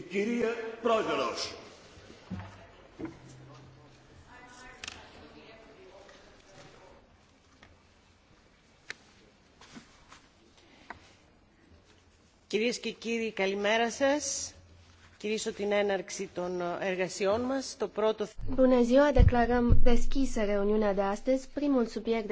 Κυρία Πρόεδρος. Κυρίες και κύριοι, καλημέρα σας. Κυρίσω την έναρξη των εργασιών μας. Το πρώτο... Bună ziua, declarăm deschisă reuniunea de astăzi. Primul subiect